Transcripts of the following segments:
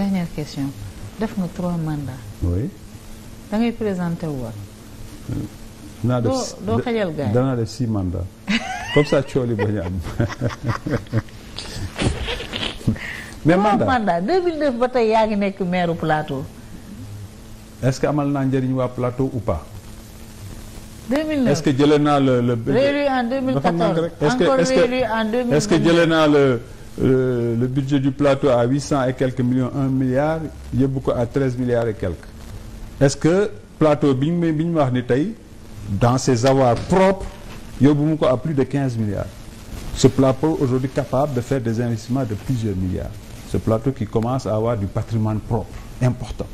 dernière question def nga trois mandats. oui. da ngay présenté woon. Euh, naa def doo xajal gars yi danaa def six mandats comme ça coow li bañ a am. mais mandat mandat 2009 ba tey yaa ngi nekk maire plateau. est-ce que amal naa njëriñ waa plateau ou pas. 2009 est-ce que jëlee naa le le. réélu en 2014 encore réélu en 2009 est-ce que jëlee naa le. euh, le budget du plateau à huit cent et million millions un milliard yóbbu ko à treize milliards et quelques est-ce que plateau bi ñu bi ñu wax ni tey dans ses avoirs propres yóbbu mu ko à plus de quinze milliards ce plateau aujourd'hui capable de faire des investissements de plusieurs milliards ce plateau qui commence à avoir du patrimoine propre important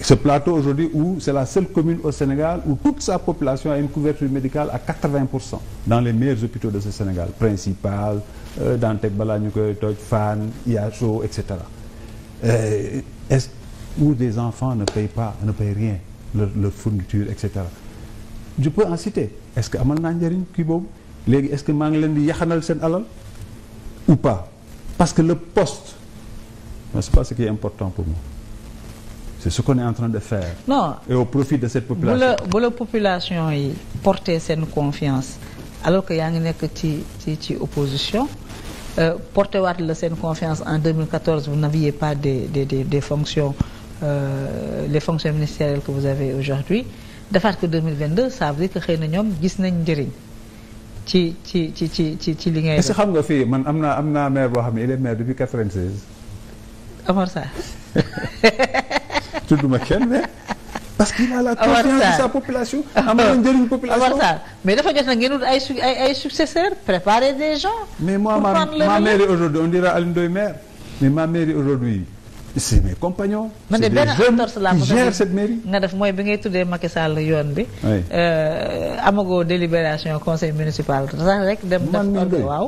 ce plateau aujourd'hui où c'est la seule commune au Sénégal où toute sa population a une couverture médicale à 80% dans les meilleurs hôpitaux de ce Sénégal Principal euh, Dantec balaa ñu koy toj Fann IHO et euh, est-ce où des enfants ne payent pas ne payent rien leur, leur fourniture et cetera je peux en citer est-ce que amal naa njëriñ kii boobu léegi est-ce que maa ngi leen di yaxanal seen alal ou pas parce que le poste mais c'est pas ce qui est important pour moi c'est ce qu'on est train de faire. non au profit de cette population. bu la population yi porter seen confiance alors que yaa ngi nekk ci ci ci opposition. Euh, porté waat la seen confiance en 2014 vous n'aviez pas des des des, des fonctions euh, les fonctions ministérielles que vous avez aujourd'hui defaat ko 2022 ça veut dire que xëy na ñoom gis nañ njëriñ ci ci ci ci ci ci li ngay. est-ce xam nga fii man am naa am naa maire boo xam ne il est maire depuis 96. Amar tudduma kenn mais. parce que a la confiance de sa population. am na njëriñ population mais dafa jot nag ngeen wut ay ay ay successeurs préparer des gens. mais moi ma ma mairie aujourd'hui on dira Alioune maire mais ma mairie aujourd'hui c'est mes compagnons. man de benn entorse laa nga def mooy bi ngay tuddee Macky Sall yoon bi. Euh, amagoo délibération conseil municipal sax rek dem. def waaw.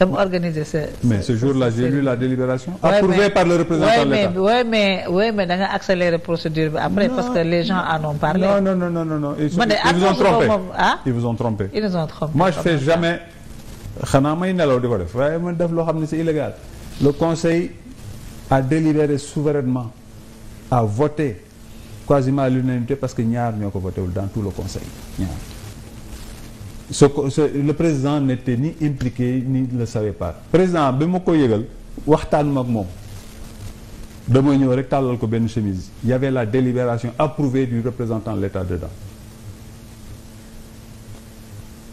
dama organiser ce. jour-là j'ai lu la délibération. approuvée par le représentant de l'État. oui mais oui mais da nga accélérer procédure bi après parce que les gens en ont parlé. non non non non non ils vous ont ah? ils vous ont trompé. ils nous ont trompé moi je fais jamais xanaa may nelaw di ko def waaye ma def loo xam ne le conseil a délibéré souverainement a voté quasiment à l'unanimité parce que ñaar ñoo ko voté dans tout le conseil ce le président n'était ni impliqué ni ne le savait pas président bi ma ko yëgal waxtaan ma ak moom dama tàllal ko benn chemise il y avait la délibération approuvée du représentant de l'État dedans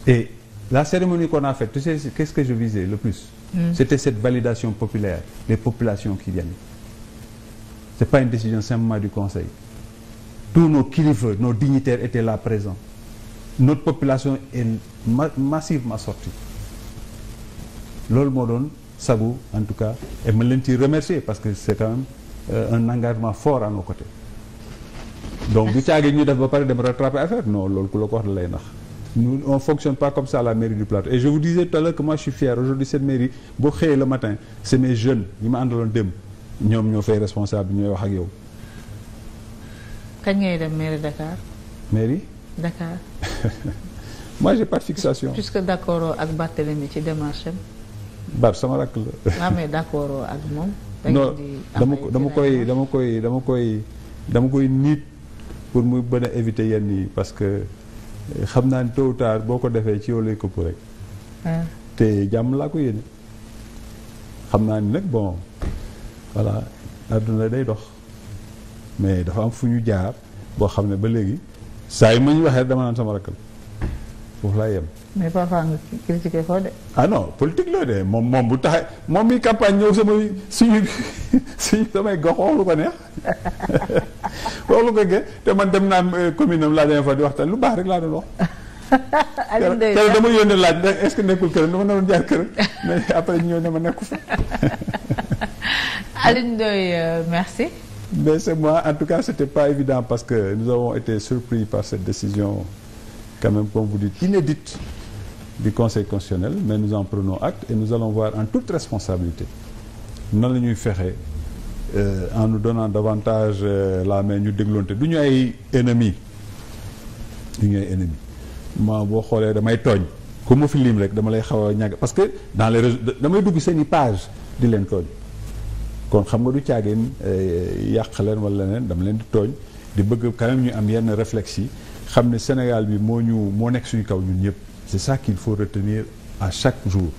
et la cérémonie qu'on a faite tu sais qu'est-ce que je visais le plus mm. c'était cette validation populaire les populations qui viennent c'est pas une décision simplement du conseil tous nos kilifa nos dignitaires étaient là présents notre population est ma massivement sortie loolu moo doon sabu en tout cas et ma leen ciy remercier parce que c'est quand même euh, un engagement fort à nos côtés donc du caagi ñu def ba pare dem rattraper affaire non loolu ku la ko wax da lay nax nous on fonctionne pas comme ça la mairie du Plateau et je vous disais tout à l'heure que moi je fier aujourd'hui cette mairie boo xëyee le matin c'est mes jeunes yi ma àndaloon dem ñoom ñoo fay responsable ñooy wax ak yow. kañ moi j'ai pas de fixation. puisque d'accord ak Barthélémy ci démarche Bar sama rakk la. waaw ah, mais d'accord ak moom. non dama dama koy dama koy dama koy dama koy niit pour muy bën a éviter yenn yi parce que eh, xam naa ne tôt boo ko defee ci yow lay këpp rek. Ah. te jàmm laa ko yéene. xam naa ni nag bon voilà àdduna day dox mais dafa am fu ñu jaar boo xam ne ba léegi. saa yi ma ñu waxee dama naan sama rakkal foofu laay yem. mais parfois nga critiqué ko de. ah non politique de moom moom bu taxee moom mi campagne ñëw sama suñu suñu samay gox wax lu ko neex wax lu ko ge te man dem naa euh, commune am laa demee fa di waxtaan lu baax rek laa doon wax. Aliou Ndeye dama yónnee laaj est-ce que nekkul këram dama naroon jaar këram mais après ñëw ne ma nekku fa. Aliou euh, merci. mais c'est moi en tout cas c'était pas évident parce que nous avons été surpris par cette décision quand même comme vous dites inédite du conseil constitutionnel mais nous en prenons acte et nous allons voir en toute responsabilité nan la ñuy fexe euh, en nous donnant davantage euh, la mais ñu déglonte du ñu ay ennemis du ñu ay ennemis ma boo xoolee damay tooñ ku ma fi lim rek dama lay xaw a ñàgg parce que dans les réseaux damay dugg seen i page di leen tooñ kon xam nga du caagin eh, yàq leen wala leneen dama leen di tooñ di bëgg quand ñu am yenn réflexe yi xam ne Sénégal bi moo ñu moo nekk suñu kaw ñun ñëpp c'est ça qu'il faut retenir à chaque jour